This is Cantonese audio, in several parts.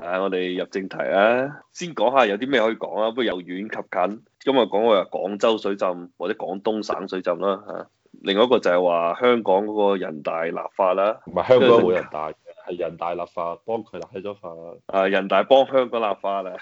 係、啊，我哋入正題啊！先講下有啲咩可以講啊，不如由遠及近。今日講嘅係，廣州水浸或者廣東省水浸啦、啊、吓、啊。另外一個就係話香港嗰個人大立法啦，唔係香港冇人大嘅，係人大立法幫佢立咗法。啊，人大幫香港立法啦。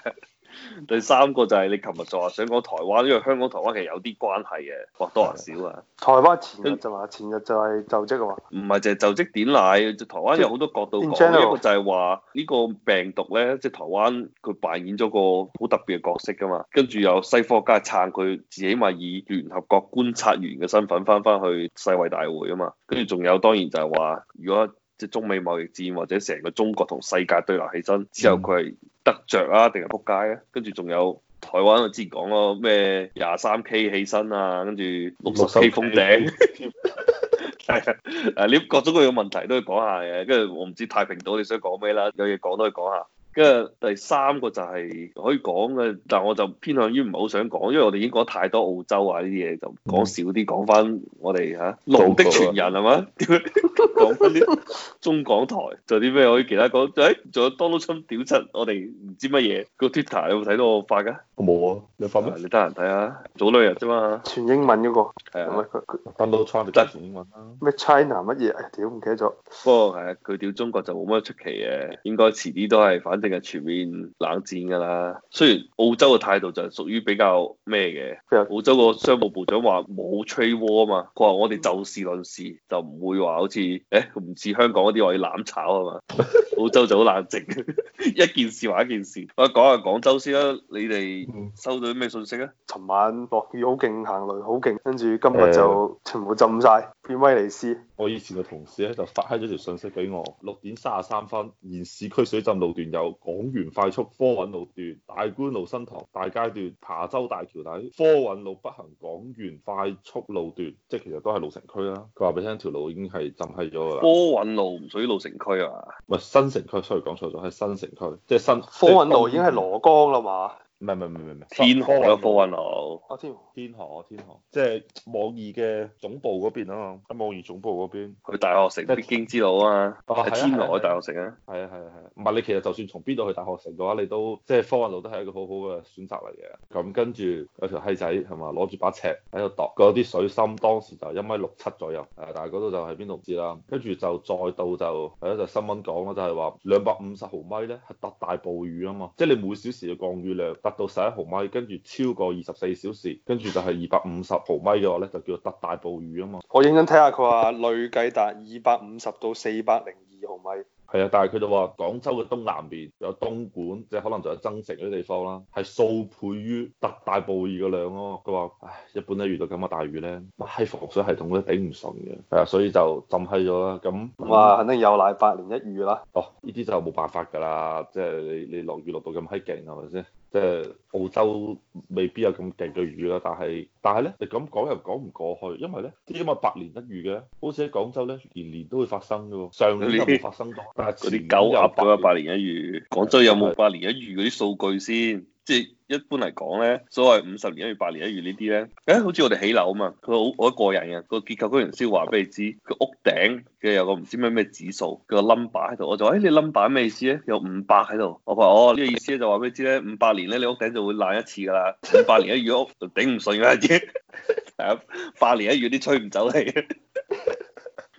第三個就係你琴日就話想講台灣，因為香港台灣其實有啲關係嘅，或多或少啊。台灣前日就話，前日就係就職嘅話，唔係就係就職典禮。台灣有好多角度講，In general, 一個就係話呢個病毒咧，即係台灣佢扮演咗個好特別嘅角色噶嘛。跟住有西科學家撐佢，至少咪以聯合國觀察員嘅身份翻翻去世衛大會啊嘛。跟住仲有當然就係話如果。即係中美貿易戰或者成個中國同世界對立起身之後，佢係得着啊定係撲街啊？跟住仲有台灣我之前講個咩廿三 K 起身啊，跟住六十 K 封頂。係啊，誒，你各種各樣問題都要講下嘅，跟住我唔知太平島你想講咩啦，有嘢講都要講下。跟住第三個就係可以講嘅，但係我就偏向於唔係好想講，因為我哋已經講太多澳洲啊呢啲嘢，就講少啲，講翻我哋嚇龍的傳人係嗎？點國 講翻啲中港台，仲有啲咩可以其他講？仲、哎、有 Donald Trump 屌柒我哋唔知乜嘢、那個 Twitter 有冇睇到我發㗎？我冇啊，你發咩、啊？你得閒睇下，早兩日啫嘛。全英文嗰、那個係啊，Donald Trump 真係全英文啊？咩 China 乜嘢？哎，屌唔記得咗。不過係啊，佢、嗯、屌中國就冇乜出奇嘅，應該遲啲都係，反正。定全面冷戰噶啦，雖然澳洲嘅態度就係屬於比較咩嘅，的澳洲個商務部長話冇 trade war 啊嘛，佢話我哋就事論事，嗯、就唔會話好似，誒唔似香港嗰啲話要攬炒啊嘛， 澳洲就好冷靜， 一件事話一件事。我講下廣州先啦，你哋收到啲咩信息啊？尋晚落雨好勁，行雷好勁，跟住今日就全部浸晒。嗯變威尼斯。我以前嘅同事咧就發開咗條信息俾我，六點三十三分，現市區水浸路段有廣園快速科韻路段、大觀路新塘大階段、琶洲大橋底、科韻路北行廣園快速路段，即係其實都係老城區啦。佢話俾你聽條路已經係浸開咗噶啦。科韻路唔屬於老城區啊？唔係，新城區所以 sorry 講錯咗，係新城區，即係新科韻路已經係蘿崗啦嘛。唔係唔係唔係唔係，天河個科韻路，啊天，天河天河，即係網易嘅總部嗰邊啊嘛，喺網易總部嗰邊去大學城必經之路啊嘛，啊天河去大學城啊，係啊係啊係，唔係、啊啊啊啊啊啊啊、你其實就算從邊度去大學城嘅話，你都即係科韻路都係一個好好嘅選擇嚟嘅。咁跟住有條閪仔係嘛攞住把尺喺度度，嗰啲水深當時就一米六七左右，誒，但係嗰度就係邊度唔知啦。跟住就再到就有一條新聞講就係話兩百五十毫米咧係特大暴雨啊嘛，即係你每小時嘅降雨量。八到十一毫米，跟住超過二十四小時，跟住就係二百五十毫米嘅話咧，就叫做特大暴雨啊嘛。我影緊睇下，佢話累計達二百五十到四百零二毫米。係啊，但係佢就話廣州嘅東南邊有東莞，即係可能仲有增城嗰啲地方啦，係數倍於特大暴雨嘅量咯。佢話：唉，一般都遇到咁嘅大雨咧，係防水系統都頂唔順嘅，係啊，所以就浸閪咗啦。咁話肯定有乃八年一遇啦。哦，呢啲就冇辦法㗎啦，即係你你落雨落到咁閪勁，係咪先？即係澳洲未必有咁勁嘅雨啦，但係但係咧，你咁講又講唔過去，因為咧啲咁嘅百年一遇嘅，好似喺廣州咧年年都會發生嘅喎，上年都冇發生過。嗰啲九亞百啊，百年一遇，廣州有冇百年一遇嗰啲數據先？即係。一般嚟講咧，所謂五十年一遇、八年一遇呢啲咧，誒、欸，好似我哋起樓啊嘛，佢好我一個人嘅個結構工人先話俾你知，個屋頂嘅有個唔知咩咩指數，個 number 喺度，我就誒、欸、你 number 咩意思咧？有五百喺度，我話哦呢、這個意思咧就話俾你知咧，五百年咧你屋頂就會爛一次噶啦，五百年一遇屋頂唔順嘅嘢，八 年一遇，啲吹唔走氣。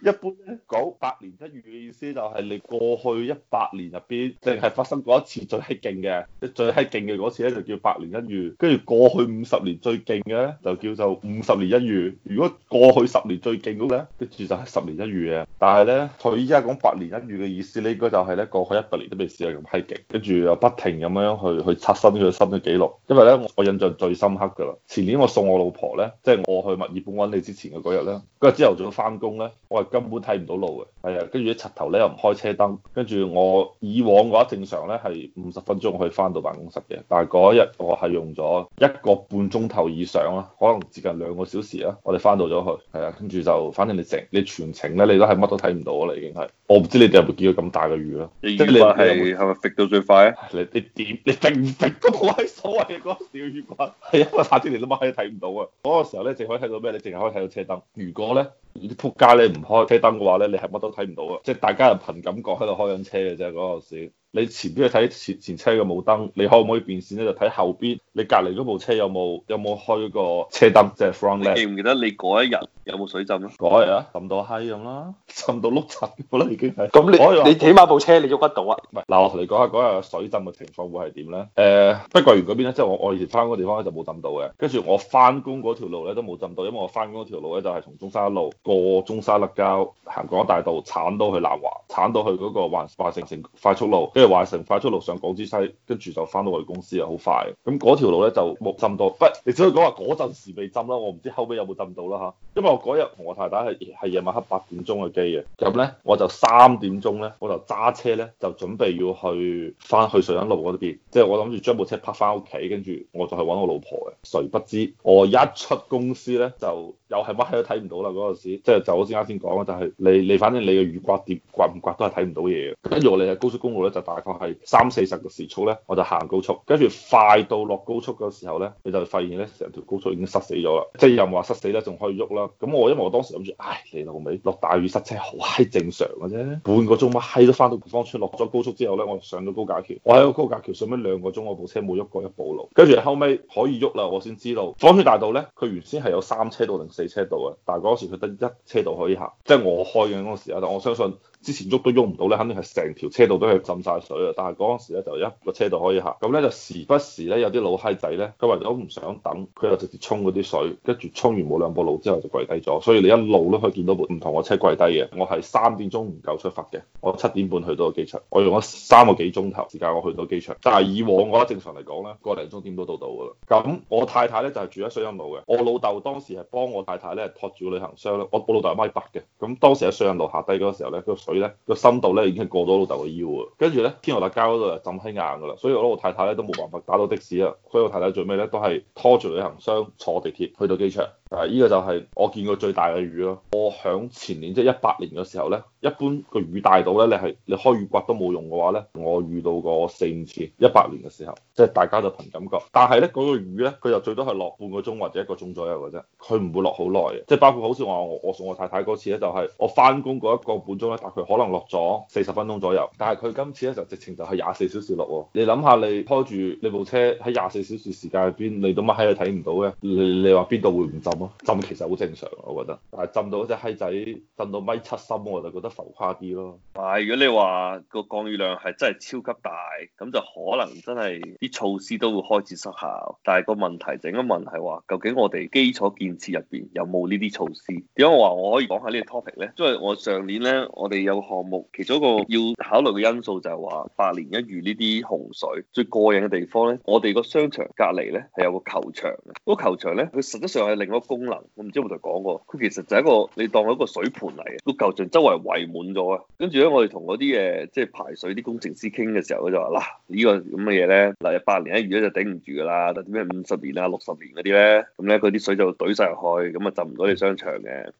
一般咧講百年一遇嘅意思就係你過去一百年入邊，淨係發生過一次最閪勁嘅，最閪勁嘅嗰次咧就叫百年一遇。跟住過去五十年最勁嘅咧，就叫做五十年一遇。如果過去十年最勁嘅咧，跟住就係十年一遇嘅。但係咧，佢依家講百年一遇嘅意思咧，應該就係咧過去一百年都未試過咁閪勁，跟住又不停咁樣去去刷新佢新嘅紀錄。因為咧，我印象最深刻㗎啦。前年我送我老婆咧，即係我去墨爾本揾你之前嘅嗰日咧，嗰日朝頭早翻工咧，我根本睇唔到路嘅，係啊，跟住啲柒頭咧又唔開車燈，跟住我以往嘅話正常咧係五十分鐘可以翻到辦公室嘅，但係嗰日我係用咗一個半鐘頭以上啦，可能接近兩個小時啊，我哋翻到咗去，係啊，跟住就反正你成你全程咧你都係乜都睇唔到啦，已經係，我唔知你哋有冇見到咁大嘅雨啦。雨刮係係咪揈到最快咧？你你點你定揈都冇乜所謂嘅嗰個小雨刮，係因為白天你都乜都睇唔到啊，嗰個時候咧淨可以睇到咩？你淨係可以睇到車燈。如果咧啲撲街你唔開開車燈嘅話咧，你係乜都睇唔到嘅。即係大家又憑感覺喺度開緊車嘅啫嗰陣時。那個你前邊去睇前前車嘅冇燈，你可唔可以變線咧？就睇後邊，你隔離嗰部車有冇有冇開個車燈，即係 front light 記唔記得你嗰一日有冇水浸咧？嗰日啊，浸到閪咁啦，浸到碌柒，我覺得已經係。咁你你起碼部車你喐得到啊？唔係，嗱，我同你講下嗰日水浸嘅情況會係點咧？誒、uh，碧桂園嗰邊咧，即係我我以前翻嗰個地方咧就冇浸到嘅。跟住我翻工嗰條路咧都冇浸到，因為我翻工嗰條路咧就係、是、從中山一路過中山立交行港大道，鏟到去南華，鏟到去嗰個環環城城快速路。即係華城快速路上港珠西，跟住就翻到我哋公司啊，好快。咁嗰條路咧就冇浸到，不，你只可以講話嗰陣時未浸啦。我唔知後尾有冇浸到啦嚇。因為我嗰日同我太太係係夜晚黑八點鐘嘅機嘅，咁咧我就三點鐘咧我就揸車咧就準備要去翻去瑞欣路嗰邊，即係我諗住將部車泊翻屋企，跟住我就去揾我老婆嘅。誰不知我一出公司咧就～又係乜閪都睇唔到啦！嗰陣時，即係就我先啱先講啦，就係你你反正你嘅雨刮碟刮唔刮都係睇唔到嘢嘅。跟住我嚟嘅高速公路咧，就大概係三四十個時速咧，我就行高速。跟住快到落高速嘅時候咧，你就發現咧成條高速已經塞死咗啦。即係又唔話塞死咧，仲可以喐啦。咁我因為我當時諗住，唉你老味落大雨塞車好閪正常嘅啫。半個鐘乜閪都翻到芳村。落咗高速之後咧，我上到高架橋。我喺個高架橋上咗兩個鐘，我部車冇喐過一步路。跟住後尾可以喐啦，我先知道芳村大道咧，佢原先係有三車道零。四車道嘅，但係嗰時佢得一車道可以行，即係我開嘅嗰個時刻。但我相信之前喐都喐唔到咧，肯定係成條車道都係浸晒水啊！但係嗰陣時咧就一個車道可以行，咁咧就時不時咧有啲老閪仔咧，佢話都唔想等，佢又直接衝嗰啲水，跟住衝完冇兩步路之後就跪低咗。所以你一路都可以見到唔同嘅車跪低嘅，我係三點鐘唔夠出發嘅，我七點半去到機場，我用咗三個幾鐘頭時間我去到機場。但係以往我咧正常嚟講咧，個零鐘都到到度噶啦。咁我太太咧就係、是、住喺水蔭路嘅，我老豆當時係幫我。太太咧托住個旅行箱咧，我我老豆係米八嘅，咁當時喺水印路下低嗰時候咧，個水咧個深度咧已經過咗老豆個腰啊。跟住咧天河大橋嗰度就浸起硬㗎啦，所以我老豆太太咧都冇辦法打到的士啊，所以我太太最尾咧都係拖住旅行箱坐地鐵去到機場。誒，呢個就係我見過最大嘅雨咯。我響前年即係一八年嘅時候呢，一般個雨大到呢，你係你開雨刮都冇用嘅話呢，我遇到過四五次一八年嘅時候，即係大家就憑感覺。但係呢，嗰、那個雨呢，佢就最多係落半個鐘或者一個鐘左右嘅啫，佢唔會落好耐嘅。即係包括好似我我送我太太嗰次呢，就係、是、我翻工嗰一個半鐘呢，大概可能落咗四十分鐘左右。但係佢今次呢，就直情就係廿四小時落喎。你諗下，你拖住你部車喺廿四小時時間入邊，你都乜閪都睇唔到嘅。你你話邊度會唔浸？浸其實好正常，我覺得，但係浸到嗰隻閪仔，浸到米七深，我就覺得浮誇啲咯。但係如果你話個降雨量係真係超級大，咁就可能真係啲措施都會開始失效。但係個問題整咁問係話，究竟我哋基礎建設入邊有冇呢啲措施？點解我話我可以講下呢個 topic 呢？因為我上年呢，我哋有項目，其中一個要考慮嘅因素就係話百年一遇呢啲洪水。最過癮嘅地方呢，我哋個商場隔離呢係有個球場嘅，個球場呢，佢實質上係另外。功能我唔知有冇同佢講過，佢其實就係一個你當一個水盤嚟嘅，個球場周圍圍，圍滿咗嘅，跟住咧我哋同嗰啲誒即係排水啲工程師傾嘅時候，佢就話嗱呢個咁嘅嘢咧，嗱一百年一遇咧就頂唔住㗎啦，但點解五十年啊六十年嗰啲咧，咁咧佢啲水就懟晒入去，咁啊浸唔到你商場嘅，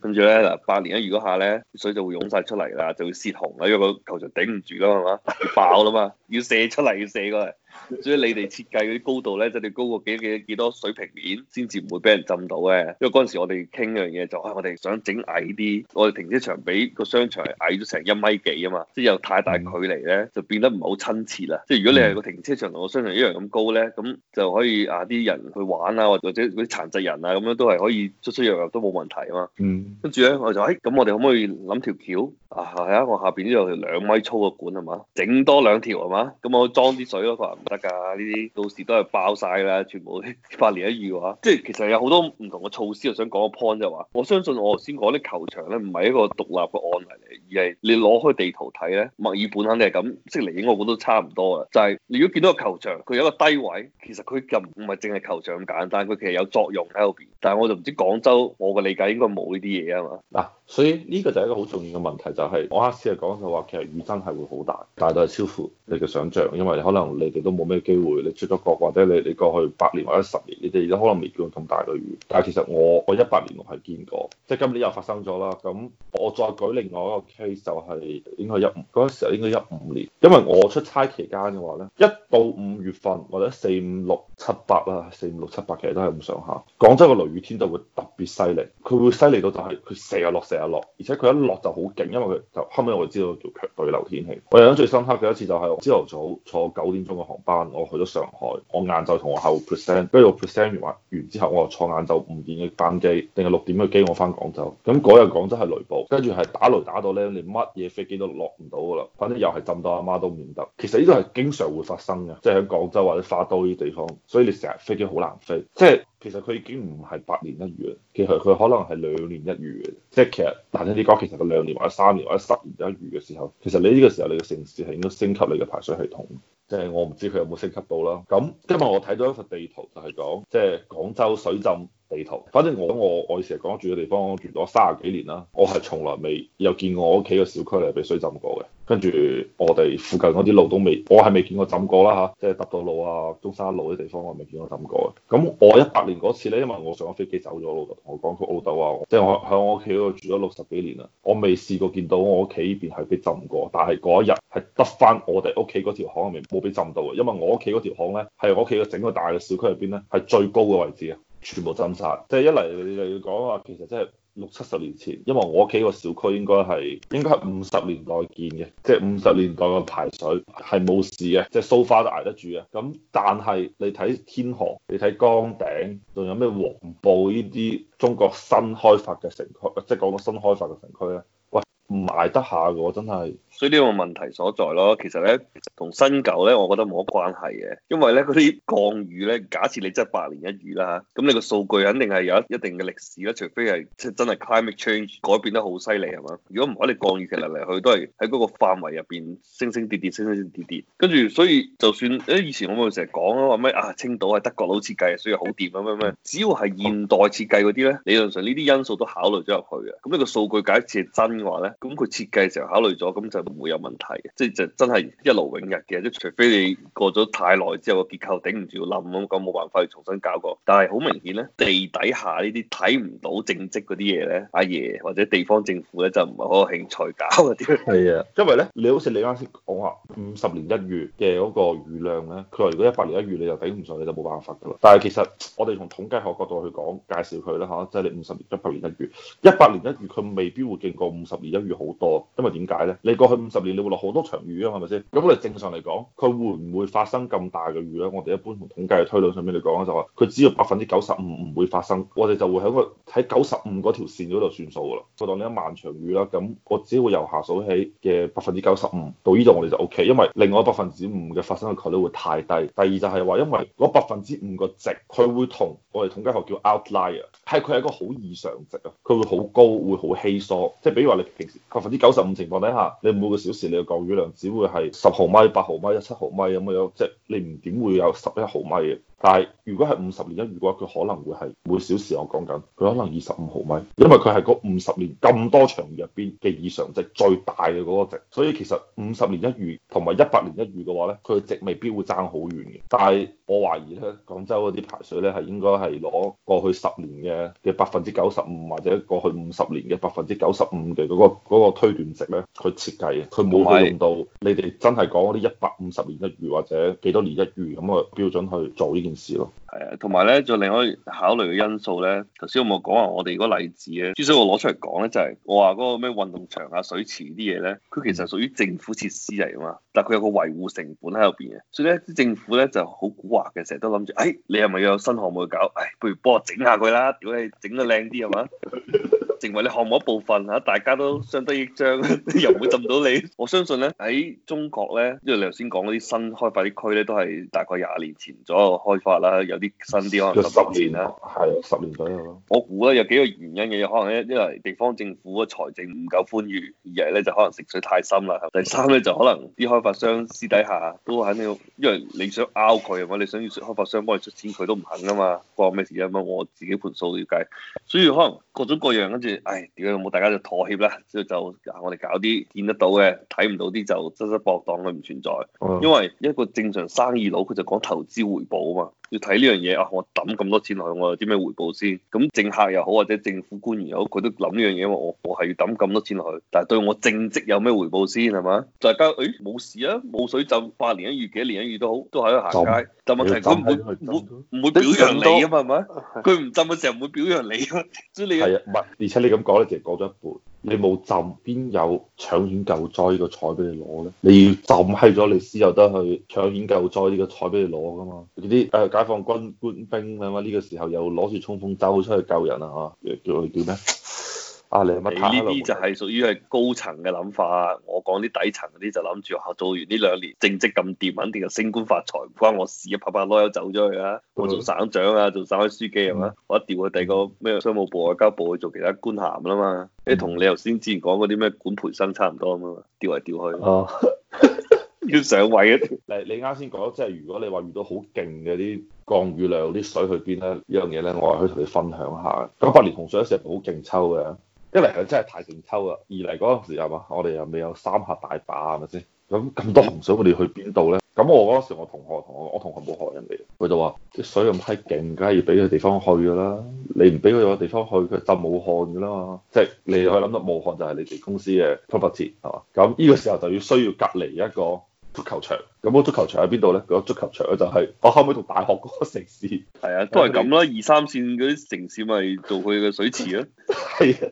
跟住咧嗱一百年一遇嗰下咧水就會湧晒出嚟啦，就會泄洪啦，因為個球場頂唔住啦係嘛，要爆啦嘛， 要射出嚟要射過嚟。所以你哋設計嗰啲高度咧，即你高過幾幾幾多水平面先至唔會俾人浸到嘅。因為嗰陣時我哋傾樣嘢就，啊我哋想整矮啲，我哋停車場比個商場矮咗成一米幾啊嘛，即係有太大距離咧，就變得唔係好親切啦。即係如果你係個停車場同個商場一樣咁高咧，咁就可以啊啲人去玩啊，或者嗰啲殘疾人啊咁樣都係可以出出入入，入都冇問題啊嘛。嗯。跟住咧，我就誒，咁、哎、我哋可唔可以諗條橋啊？係啊，我下邊都有兩米粗嘅管係嘛，整多兩條係嘛，咁我裝啲水咯。佢話。得噶，呢啲到時都係爆晒啦，全部發嚟一遇嘅話。即係其實有好多唔同嘅措施，我想講個 point 就話、是，我相信我頭先講啲球場咧，唔係一個獨立嘅案例嚟，而係你攞開地圖睇咧，墨爾本肯定係咁，悉尼應該個個都差唔多嘅。就係、是、你如果見到個球場，佢有一個低位，其實佢就唔係淨係球場咁簡單，佢其實有作用喺後邊。但係我就唔知廣州，我嘅理解應該冇呢啲嘢啊嘛。嗱。所以呢、呢個就係一個好重要嘅問題，就係、係、我啱先係講就話，其實雨真係會好大，大到係超乎你嘅想像，因為可能你哋都冇咩機會，你出咗國或者你你過去八年或者十年，你哋都可能未見過咁大嘅雨。但係其實我我一百年我係見過，即係今年又發生咗啦。咁我再舉另外一個 case 就係應該一五嗰陣時應該一五年，因為我出差期間嘅話咧一。到五月份或者四五六七八啦，四五六七八其實都係咁上下。廣州個雷雨天就會特別犀利，佢會犀利到就係佢成日落成日落，而且佢一落就好勁，因為佢就後尾我哋知道叫強對流天氣。我印象最深刻嘅一次就係朝頭早坐九點鐘嘅航班，我去咗上海。我晏晝同我下後 percent，跟住我 percent 完完之後，我就坐晏晝五點嘅班機，定係六點嘅機我，我翻廣州。咁嗰日廣州係雷暴，跟住係打雷打到咧，你乜嘢飛機都落唔到噶啦。反正又係浸到阿媽，媽都唔認得。其實呢個係經常會發生。即係喺廣州或者花都呢啲地方，所以你成日飛機好難飛。即係其實佢已經唔係八年一遇啦，其實佢可能係兩年一遇嘅。即係其實，難聽啲講其實佢兩年或者三年或者十年一遇嘅時候，其實你呢個時候你嘅城市係應該升級你嘅排水系統。即係我唔知佢有冇升級到啦。咁今日我睇到一幅地圖就，就係講即係廣州水浸。地圖，反正我我我成日講住嘅地方，我住咗三十幾年啦，我係從來未有見過我屋企個小區嚟被水浸過嘅。跟住我哋附近嗰啲路都未，我係未見過浸過啦吓，即係搭到路啊、中山路啲地方我未見過浸過嘅。咁我一八年嗰次咧，因為我上咗飛機走咗，我老豆，同我講佢老豆話，即係我喺、就是、我屋企嗰度住咗六十幾年啦，我未試過見到我屋企依邊係被浸過，但係嗰一日係得翻我哋屋企嗰條巷入面冇被浸到嘅，因為我屋企嗰條巷咧係我屋企嘅整個大嘅小區入邊咧係最高嘅位置啊全部浸晒，即係一嚟你就要講話，其實即係六七十年前，因為我屋企個小區應該係應該係五十年代建嘅，即係五十年代嘅排水係冇事嘅，即係 so far 都捱得住嘅。咁但係你睇天河，你睇崗頂，仲有咩黃埔呢啲中國新開發嘅城區，即係講到新開發嘅城區咧。唔捱得下嘅，我真係，所以呢個問題所在咯。其實咧，同新舊咧，我覺得冇乜關係嘅，因為咧嗰啲降雨咧，假設你真係百年一遇啦咁、啊、你個數據肯定係有一定嘅歷史啦。除非係即係真係 climate change 改變得好犀利係嘛？如果唔係，你降雨其實嚟嚟去去都係喺嗰個範圍入邊升升跌跌升升跌跌，跟住所以就算誒以前我咪成日講啊話咩啊青島係德國佬設計，所以好掂咁咩咩？只要係現代設計嗰啲咧，理論上呢啲因素都考慮咗入去嘅。咁你個數據假設係真嘅話咧？咁佢設計嘅時候考慮咗，咁就唔會有問題，即係就真係一勞永逸嘅，即除非你過咗太耐之後個結構頂唔住要冧咁，冇辦法去重新搞過。但係好明顯咧，地底下呢啲睇唔到政績嗰啲嘢咧，阿、啊、爺或者地方政府咧就唔係好有興趣搞。啲。係啊，因為咧，你好似你啱先講話五十年一遇嘅嗰個雨量咧，佢話如果一百年一遇你就頂唔上，你就冇辦法㗎喇。但係其實我哋從統計學角度去講介紹佢啦嚇，就係、是、你五十年一百年一遇，一百年一遇佢未必會勁過五十年一遇。雨好多，因為點解咧？你過去五十年你會落好多場雨啊，係咪先？咁我哋正常嚟講，佢會唔會發生咁大嘅雨咧？我哋一般同統計嘅推論上面嚟講咧，就話佢只要百分之九十五唔會發生，我哋就會喺個喺九十五嗰條線嗰度算數噶啦。我當你一萬場雨啦，咁我只會由下數起嘅百分之九十五到呢度，我哋就 OK，因為另外百分之五嘅發生嘅概率會太低。第二就係話，因為嗰百分之五個值，佢會同我哋統計學叫 outlier，係佢係一個好異常值啊，佢會好高，會好稀疏，即係比如話你平時。百分之九十五情況底下，你每個小時你嘅降雨量只會係十毫米、八毫米、一七毫米咁樣，即係、就是、你唔點會有十一毫米嘅。但係如果係五十年一遇嘅話，佢可能會係每小時，我講緊，佢可能二十五毫米，因為佢係嗰五十年咁多場入邊嘅異常值最大嘅嗰個值，所以其實五十年一遇同埋一百年一遇嘅話咧，佢嘅值未必會爭好遠嘅。但係我懷疑咧，廣州嗰啲排水咧係應該係攞過去十年嘅嘅百分之九十五，或者過去五十年嘅百分之九十五嘅嗰個、嗰個推斷值咧去設計嘅，佢冇用到的你哋真係講嗰啲一百五十年一遇或者幾多年一遇咁嘅標準去做呢？咯，係啊，同埋咧，再另外考慮嘅因素咧，頭先我冇講話我哋嗰個例子咧，之所以我攞出嚟講咧、就是，就係我話嗰個咩運動場啊、水池啲嘢咧，佢其實屬於政府設施嚟啊嘛，但係佢有個維護成本喺入邊嘅，所以咧啲政府咧就好蠱惑嘅，成日都諗住，誒、哎，你係咪有新項目去搞？誒、哎，不如幫我整下佢啦，屌你整得靚啲係嘛？ 成為你項目一部分嚇，大家都相得益彰，又唔會浸到你。 我相信咧喺中國咧，因為你頭先講嗰啲新開發啲區咧，都係大概廿年前左右開發啦，有啲新啲可能十年啦，係十年左右咯。我估咧有幾個原因嘅，可能一因為地方政府嘅財政唔夠寬裕，二係咧就可能食水太深啦。第三咧就可能啲開發商私底下都肯定，因為你想拗佢啊嘛，你想要開發商幫你出錢，佢都唔肯㗎嘛。關我咩事啊嘛，我自己盤數都要計，所以可能各種各樣，各樣唉，點樣大家就妥協啦，就就我哋搞啲見得到嘅，睇唔到啲就真真搏檔佢唔存在，因為一個正常生意佬佢就講投資回報嘛。要睇呢樣嘢啊！我抌咁多錢落去，我有啲咩回報先？咁政客又好，或者政府官員又好，佢都諗呢樣嘢，我我係要抌咁多錢落去，但係對我政績有咩回報先係嘛？大家誒冇事啊，冇水浸，八年一遇，幾年一遇都好，都喺度行街。但問題佢冇冇唔會表揚你啊嘛？係咪？佢唔浸嘅時候唔會表揚你啊！所以你係啊，唔係。而且你咁講，你淨係講咗一半。你冇浸，邊有搶險救災呢個彩俾你攞咧？你要浸閪咗，你先有得去搶險救災呢個彩俾你攞噶嘛？啲誒解放軍官兵諗下，呢個時候又攞住衝鋒舟出去救人啊嚇！叫佢叫咩？啊！你呢啲就係屬於係高層嘅諗法、啊，我講啲底層嗰啲就諗住學校做完呢兩年正職咁掂，肯定就升官發財，唔關我事啊！拍拍攞走咗去啊！我做省長啊，做省委書記係、啊、嘛？嗯、我調去第二個咩商務部外、嗯、交部去做其他官銜啦嘛，嗯、你同你頭先之前講嗰啲咩管培生差唔多咁啊嘛，調嚟調去哦， 要上位啊！嚟你啱先講，即係如果你話遇到好勁嘅啲降雨量，啲水去邊咧？這個、呢樣嘢咧，我係可以同你分享下九八年洪水嗰時好勁抽嘅。一嚟佢真係太勁抽啦，二嚟嗰陣時係嘛，我哋又未有三峽大壩係咪先？咁咁多洪水，我哋去邊度呢？咁我嗰陣時候我，我同學我，同學冇學人哋，佢就話啲水咁閪勁，梗係要俾個地方去㗎啦。你唔俾佢有地方去，佢浸武漢㗎啦嘛。即係你可以諗到武漢就係你哋公司嘅 property 係嘛。咁呢個時候就要需要隔離一個。足球場有冇足球場喺邊度咧？個足球場就係我可唔可以同大學嗰個城市？係啊，都係咁啦， 二三線嗰啲城市咪做佢嘅水池咯。係 啊，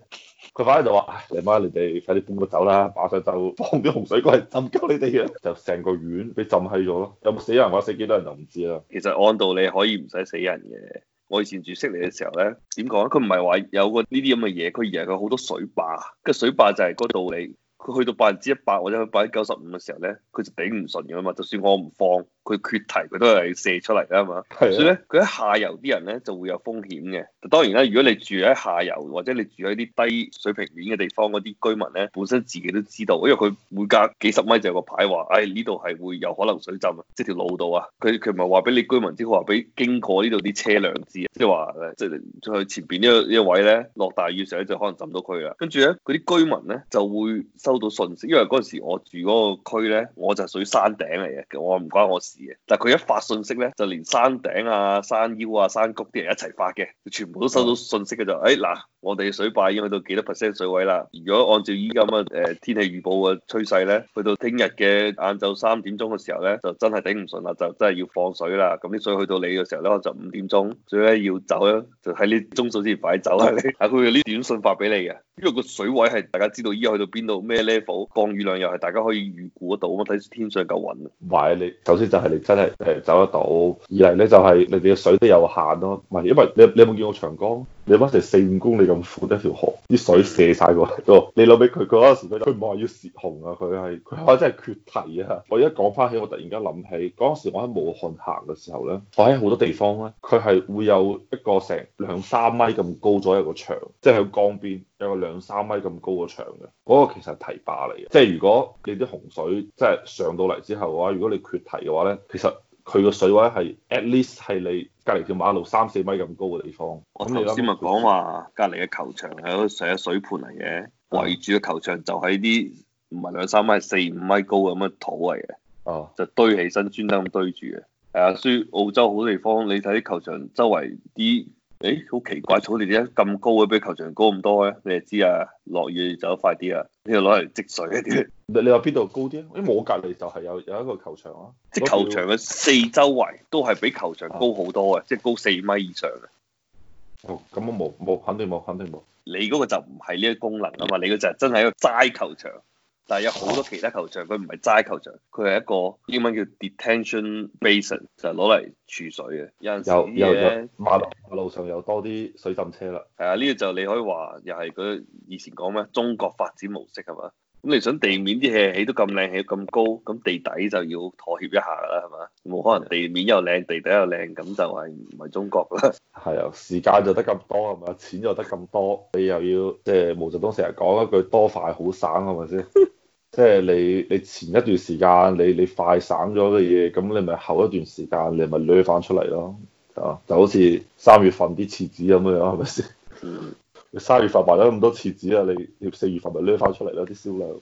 佢反喺度話，阿、哎、媽，你哋快啲搬個走啦，馬上就放啲洪水過嚟浸鳩你哋嘅。就成個院俾浸喺咗咯，有冇死人、啊？話死幾多人就唔知啦、啊。其實按道理可以唔使死人嘅。我以前住悉尼嘅時候咧，點講咧？佢唔係話有個呢啲咁嘅嘢，佢而係佢好多水壩，個水壩就係嗰個道佢去到百分之一百或者去百分之九十五嘅時候咧，佢就頂唔順㗎嘛。就算我唔放，佢決堤佢都係射出嚟㗎嘛。的所以咧，佢喺下游啲人咧就會有風險嘅。當然啦，如果你住喺下游或者你住喺啲低水平面嘅地方，嗰啲居民咧本身自己都知道，因為佢每隔幾十米就有個牌話，唉呢度係會有可能水浸、就是、條啊，即係條路度啊。佢佢唔係話俾你居民即佢話俾經過、就是就是、呢度啲車輛知啊。即係話咧，即係去前邊呢呢位咧，落大雨時咧就可能浸到佢啦。跟住咧，嗰啲居民咧就會收。收到信息，因為嗰陣時我住嗰個區咧，我就係屬於山頂嚟嘅，我唔關我事嘅。但係佢一發信息咧，就連山頂啊、山腰啊、山谷啲人一齊發嘅，就全部都收到信息嘅就，誒嗱、嗯。哎我哋水壩已經去到幾多 percent 水位啦？如果按照依家咁嘅誒天氣預報嘅趨勢咧，去到聽日嘅晏晝三點鐘嘅時候咧，就真係頂唔順啦，就真係要放水啦。咁啲水去到你嘅時候咧，我就五點鐘，最咧要走咧，就喺呢鐘數之前快走啊！ 你啊，佢呢啲短信發俾你嘅，因為個水位係大家知道依家去到邊度咩 level，降雨量又係大家可以預估得到。我睇天上嚿雲，懷你首先就係你真係誒走得到，二嚟咧就係你哋嘅水都有限咯、啊。唔係，因為你你，你有冇見過長江？你嗰成四五公里咁闊一條河，啲水射晒過嚟，都你諗俾佢。佢嗰時佢佢唔係話要泄洪啊，佢係佢可真係缺堤啊。我而家講翻起，我突然間諗起嗰陣時，我時，我喺武漢行嘅時候咧，我喺好多地方咧，佢係會有一個成兩三米咁高咗一個牆，即係喺江邊有個兩三米咁高嘅牆嘅。嗰個其實係堤壩嚟嘅，即係如果你啲洪水即係上到嚟之後嘅話，如果你缺堤嘅話咧，其實。佢個水位係 at least 係你隔離條馬路三四米咁高嘅地方。我頭先咪講話隔離嘅球場係嗰成日水盤嚟嘅，圍住嘅球場就喺啲唔係兩三米，四五米高咁嘅土嚟嘅，啊、就堆起身專登咁堆住嘅。係啊，所以澳洲好多地方，你睇啲球場周圍啲。誒、欸，好奇怪，草地點解咁高嘅、啊？比球場高咁多咧，你就知啊？落雨走得快啲啊！你要攞嚟積水啊？啲，你你話邊度高啲啊？誒，因為我隔籬就係有有一個球場啊，即係球場嘅四周圍都係比球場高好多嘅、啊，啊、即係高四米以上嘅、啊。哦，咁我冇冇，肯定冇，肯定冇。你嗰個就唔係呢啲功能啊嘛，你嗰就是真係一個齋球場。但係有好多其他球場，佢唔係齋球場，佢係一個英文叫 detention basin，就係攞嚟儲水嘅。有陣時咧，馬路上又多啲水浸車啦。係啊，呢個就你可以話又係佢以前講咩？中國發展模式係嘛？咁你想地面啲嘢起都咁靚，起咁高，咁地底就要妥協一下啦，係嘛？冇可能地面又靚，地底又靚，咁就係唔係中國啦？係啊，時間就得咁多係嘛？錢就得咁多，你又要即係毛澤東成日講一句多快好省係咪先？ 即係你，你前一段時間你你快省咗嘅嘢，咁你咪後一段時間你咪掠翻出嚟咯，啊就好似三月份啲廁紙咁樣，係咪先？你三、嗯、 月份賣咗咁多廁紙啊，你你四月份咪掠翻出嚟啦啲銷量。